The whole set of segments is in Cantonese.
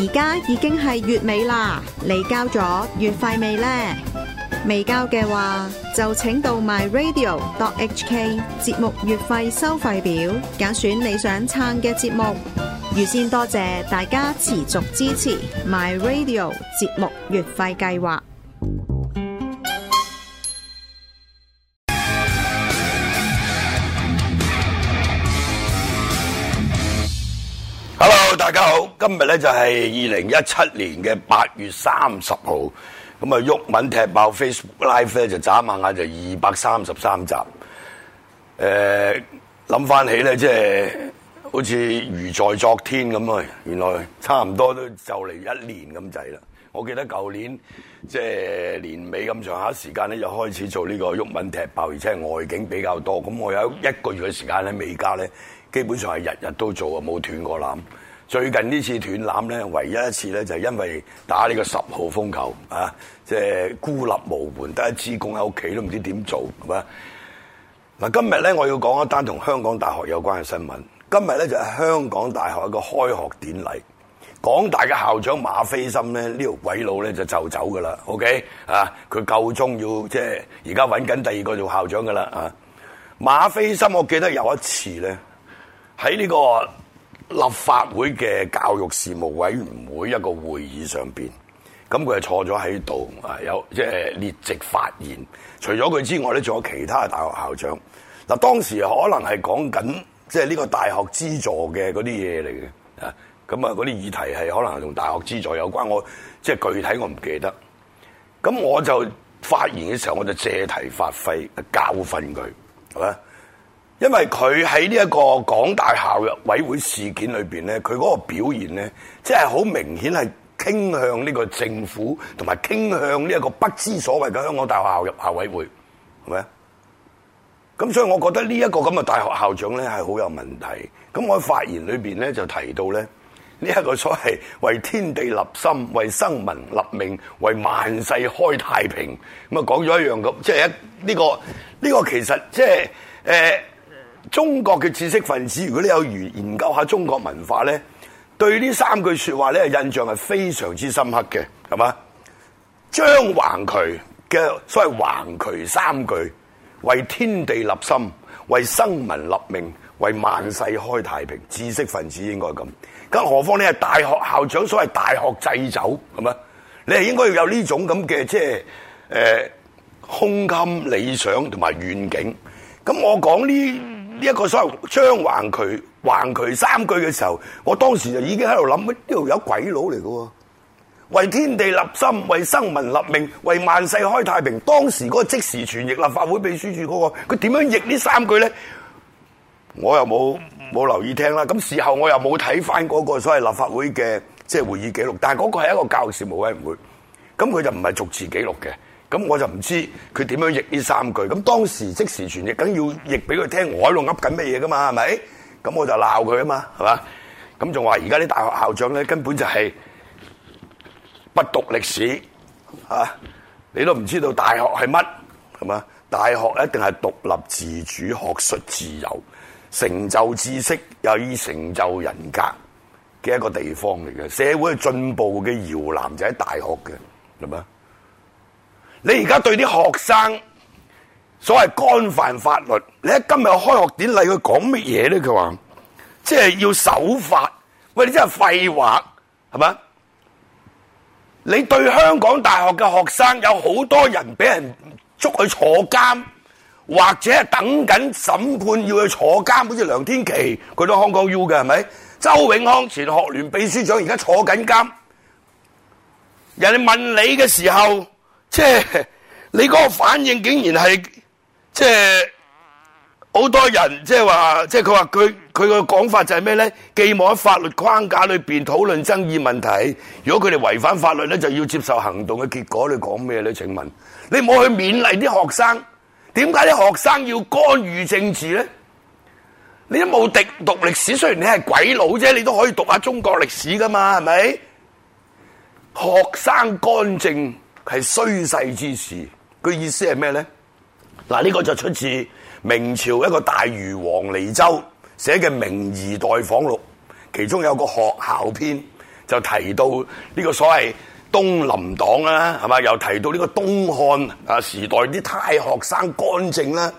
而家已經係月尾啦，你交咗月費未呢？未交嘅話，就請到 myradio dot hk 節目月費收費表，揀選你想撐嘅節目。預先多謝大家持續支持 myradio 節目月費計劃。Hello，大家好。今日咧就係二零一七年嘅八月三十號，咁啊，毓民踢爆 Facebook Live 咧就眨眼眼就二百三十三集。誒、呃，諗翻起咧，即、就、係、是、好似如在昨天咁啊！原來差唔多都就嚟一年咁滯啦。我記得舊年即係、就是、年尾咁上下時間咧，就開始做呢個毓民踢爆，而且係外景比較多。咁我有一個月嘅時間咧，美加咧基本上係日日都做啊，冇斷過攬。最近呢次斷纜咧，唯一一次咧就係因為打呢個十號風球啊，即係孤立無援，得一支公喺屋企都唔知點做咁啊！嗱，今日咧我要講一單同香港大學有關嘅新聞。今日咧就係香港大學一個開學典禮，港大嘅校長馬菲森咧呢條鬼佬咧就就走噶啦。OK 啊，佢夠鐘要即係而家揾緊第二個做校長噶啦啊！馬菲森，我記得有一次咧喺呢個，立法會嘅教育事務委員會一個會議上邊，咁佢係坐咗喺度，啊有即係、就是、列席發言。除咗佢之外咧，仲有其他嘅大學校長。嗱，當時可能係講緊即係呢個大學資助嘅嗰啲嘢嚟嘅，啊咁啊嗰啲議題係可能同大學資助有關。我即係、就是、具體我唔記得。咁我就發言嘅時候，我就借題發揮，教訓佢，係咪？因為佢喺呢一個港大校入委會事件裏邊咧，佢嗰個表現咧，即係好明顯係傾向呢個政府，同埋傾向呢一個不知所謂嘅香港大學校入校委會，係咪啊？咁所以我覺得呢一個咁嘅大學校長咧係好有問題。咁我喺發言裏邊咧就提到咧，呢一個所謂為天地立心，為生民立命，為萬世開太平，咁啊講咗一樣咁，即係一呢個呢、呢個其實即係誒。呃中國嘅知識分子，如果你有研研究下中國文化咧，對呢三句說話咧，印象係非常之深刻嘅，係嘛？張橫渠嘅所謂橫渠三句：為天地立心，為生民立命，為萬世開太平。知識分子應該咁，更何況你係大學校長，所謂大學祭酒，係嘛？你係應該要有呢種咁嘅即係誒胸襟、理想同埋願景。咁我講呢，呢一個所謂張橫渠橫渠三句嘅時候，我當時就已經喺度諗，呢度有鬼佬嚟嘅，為天地立心，為生民立命，為萬世開太平。當時嗰個即時傳譯立法會秘書處嗰個，佢點樣譯呢三句咧？我又冇冇留意聽啦。咁事後我又冇睇翻嗰個所謂立法會嘅即係會議記錄，但係嗰個係一個教育事務委員會，咁佢就唔係逐字記錄嘅。咁我就唔知佢點樣譯呢三句。咁當時即時傳譯，梗要譯俾佢聽。我喺度噏緊乜嘢噶嘛？係咪？咁我就鬧佢啊嘛，係嘛？咁仲話而家啲大學校長咧，根本就係不讀歷史嚇，你都唔知道大學係乜係嘛？大學一定係獨立自主、學術自由、成就知識又以成就人格嘅一個地方嚟嘅。社會進步嘅搖籃就喺大學嘅，係嘛？你而家對啲學生所謂干犯法律，你喺今日開學典禮佢講乜嘢咧？佢話即係要守法，喂，你真係廢話，係咪？你對香港大學嘅學生有好多人俾人捉去坐監，或者係等緊審判要去坐監，好似梁天琦，佢都香港 U 嘅，係咪？周永康前學聯秘書長而家坐緊監，人哋問你嘅時候。即係你嗰個反應竟然係，即係好多人即係話，即係佢話佢佢個講法就係咩咧？寄望喺法律框架裏邊討論爭議問題。如果佢哋違反法律咧，就要接受行動嘅結果。你講咩咧？請問你唔好去勉勵啲學生？點解啲學生要干預政治咧？你都冇讀讀歷史，雖然你係鬼佬啫，你都可以讀下中國歷史噶嘛？係咪？學生干政。係衰世之事，個意思係咩咧？嗱，呢個就出自明朝一個大儒黃梨洲寫嘅《明夷待訪錄》，其中有個學校篇就提到呢個所謂東林黨啦，係嘛？又提到呢個東漢啊時代啲太學生干政啦，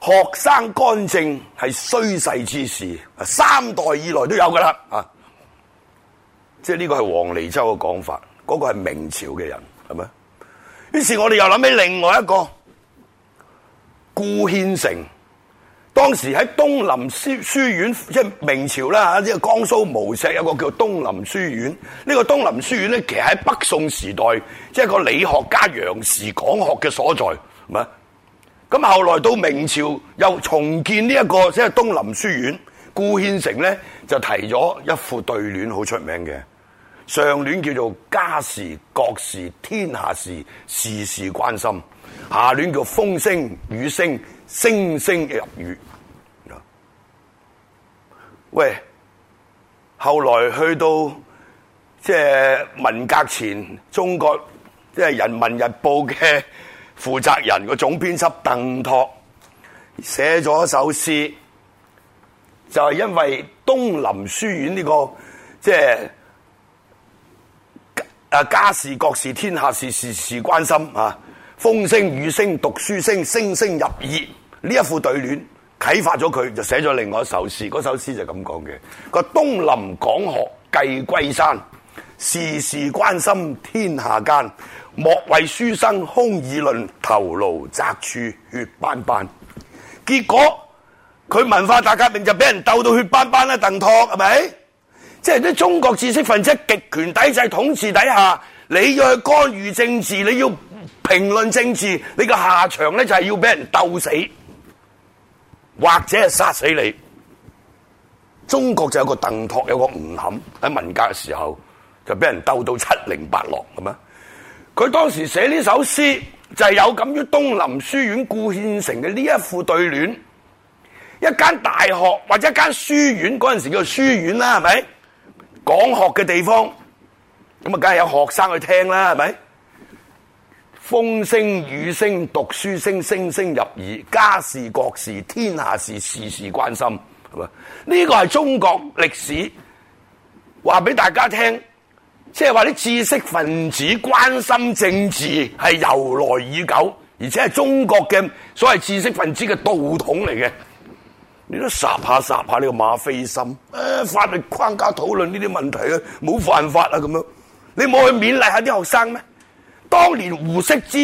學生干政係衰世之事，三代以來都有噶啦，啊！即係呢個係黃梨洲嘅講法，嗰、嗰個係明朝嘅人。係咪？於是我哋又諗起另外一個顧憲成，當時喺東林書書院，即係明朝啦吓，即係江蘇無錫有個叫東林書院。呢個東林書院咧，其實喺北宋時代，即係個理學家楊時講學嘅所在，係咪？咁後來到明朝又重建呢一個即係東林書院，顧憲成咧就提咗一副對聯，好出名嘅。上聯叫做家事國事天下事，事事關心；下聯叫風聲雨聲聲聲入耳。喂，後來去到即係文革前，中國即係《人民日報》嘅負責人個總編輯鄧拓寫咗一首詩，就係因為東林書院呢個即係。就是誒，家事國事天下事，事事關心啊！風聲雨聲讀書聲，聲聲入耳。呢一副對聯啟發咗佢，就寫咗另外一首詩。嗰首詩就咁講嘅：個東林講學繼龜山，事事關心天下間。莫為書生空議論，頭顱擲處血斑斑。結果佢文化大革命就俾人鬥到血斑斑啦！鄧拓係咪？是即係啲中國知識分子極權抵制統治底下，你要去干預政治，你要評論政治，你個下場咧就係要俾人鬥死，或者係殺死你。中國就有個鄧拓，有個吳晗喺文革嘅時候就俾人鬥到七零八落咁啊！佢當時寫呢首詩就係有感於東林書院顧憲成嘅呢一副對聯，一間大學或者一間書院嗰陣時叫書院啦，係咪？講學嘅地方，咁啊，梗係有學生去聽啦，係咪？風聲雨聲讀書聲，聲聲入耳。家事國事天下事，事事關心。係嘛？呢個係中國歷史話俾大家聽，即係話啲知識分子關心政治係由來已久，而且係中國嘅所謂知識分子嘅道統嚟嘅。你都殺下殺下呢個馬飛心，啊、哎、法律框架討論呢啲問題啊，冇犯法啦咁樣，你冇去勉勵下啲學生咩？當年胡適之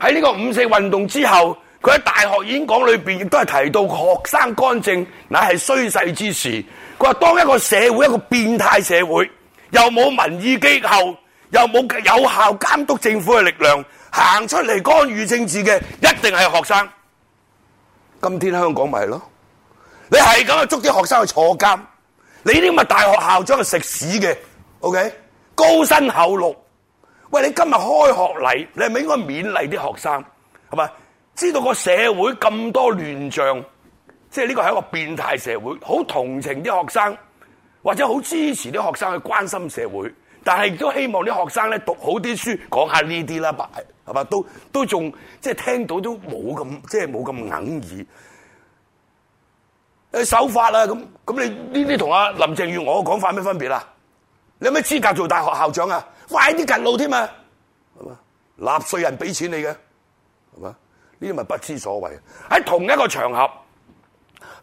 喺呢個五四運動之後，佢喺大學演講裏邊亦都係提到學生干政乃係衰世之事。佢話當一個社會一個變態社會，又冇民意機構，又冇有，有效監督政府嘅力量，行出嚟干預政治嘅，一定係學生。今天香港咪係咯？你係咁樣捉啲學生去坐監？你呢咁嘅大學校長去食屎嘅？OK，高薪厚祿。喂，你今日開學禮，你係咪應該勉勵啲學生？係咪？知道個社會咁多亂象，即係呢個係一個變態社會。好同情啲學生，或者好支持啲學生去關心社會，但係亦都希望啲學生咧讀好啲書，講下呢啲啦，白係嘛，都都仲即係聽到都冇咁即係冇咁哽耳。你守法啦，咁咁你呢啲同阿林鄭月娥嘅講法有咩分別啊？你有咩資格做大學校長啊？快啲近路添啊！係嘛，納稅人俾錢你嘅，係嘛？呢啲咪不知所謂？喺同一個場合，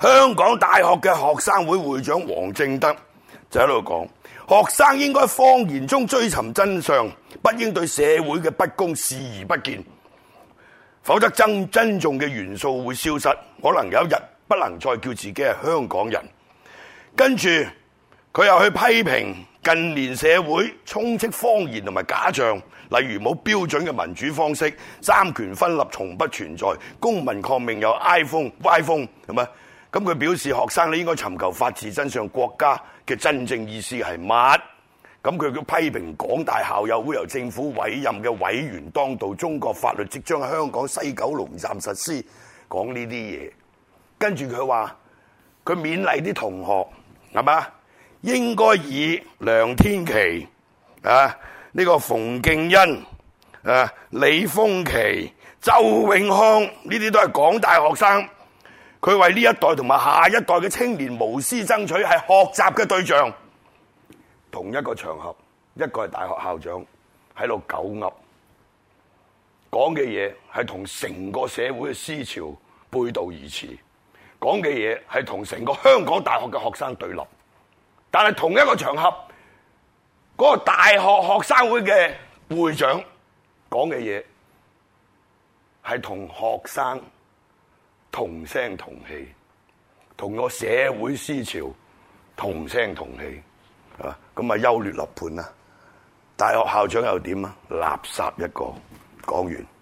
香港大學嘅學生會會長黃正德就喺度講：學生應該謊言中追尋真相，不應對社會嘅不公視而不見，否則真真重嘅元素會消失，可能有一日。不能再叫自己係香港人，跟住佢又去批評近年社會充斥謊言，同埋假象，例如冇標準嘅民主方式、三權分立從不存在、公民抗命有 iPhone、iPhone 係咪？咁佢表示學生你應該尋求法治真相，國家嘅真正意思係乜？咁佢叫批評港大校友會由政府委任嘅委員當道，中國法律即將喺香港西九龍站實施，講呢啲嘢。跟住佢話，佢勉勵啲同學係嘛，應該以梁天琦、啊，呢、這個馮敬恩啊、李峰琦、周永康呢啲都係港大學生，佢為呢一代同埋下一代嘅青年無私爭取，係學習嘅對象。同一個場合，一個係大學校長喺度狗噏，講嘅嘢係同成個社會嘅思潮背道而馳。講嘅嘢係同成個香港大學嘅學生對立，但係同一個場合，嗰、那個大學學生會嘅會長講嘅嘢係同學生同聲同氣，同個社會思潮同聲同氣，啊，咁啊優劣立判啦！大學校長又點啊？垃圾一個，講完。